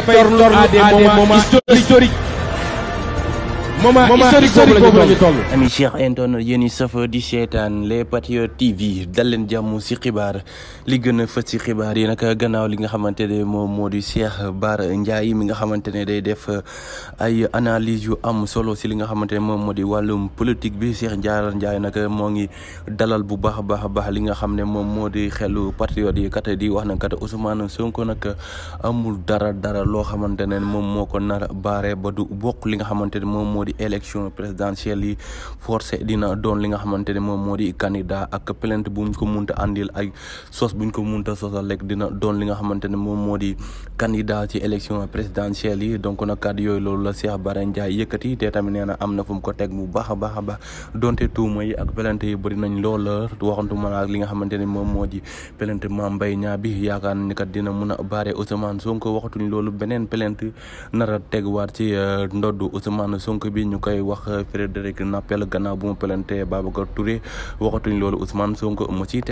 torne à des moments historiques. moment historique boobu la i safa di seetaan les Patriotes TV dal leen jàmm si xibaar li gën a si xibaar yi nag gannaaw li nga xamante ne moom moo di Cheikh Bara Ndiaye mi nga xamante ne day def euh, ay analyse yu am solo si li nga xamante ne moom moo di wàllum politique bi Cheikh Ndiaye Ndiaye nag moo ngi dalal bu baax a baax a baax li nga xam ne moom moo di xelu Patriotes yi kat di wax na kat Ousmane Sonko nag amul dara dara loo xamante ne moom moo ko nar baare ba du bokk li nga xamante ne moom moo di di élection présidentielle yi force dina doon li nga xamante ne moom moo di candidat ak plainte buñ ko munta àndil ay sos buñ ko munta sosal rek dina doon li nga xamante ne moom moo di candidat ci élection présidentielle yi donc na kàddu yooyu loolu la Cheikh Bara Ndiaye yëkkati te tamit nee na am na fu mu ko teg bu baax a baax a baax donte tuuma yi ak plainte yi bëri nañ loola waxantu ma ak li nga xamante ne moom moo di plainte Mame Mbaye Niang bi yaakaar nañ kat dina mun a baare Ousmane Sonko waxatuñ loolu beneen plainte nar a tegwaat ci euh, ndoddu Ousmane Sonko bi bi ñu koy wax Frédéric Napel gannaaw bu mu pelante Babacar Touré waxatuñ loolu Ousmane Sonko mu ci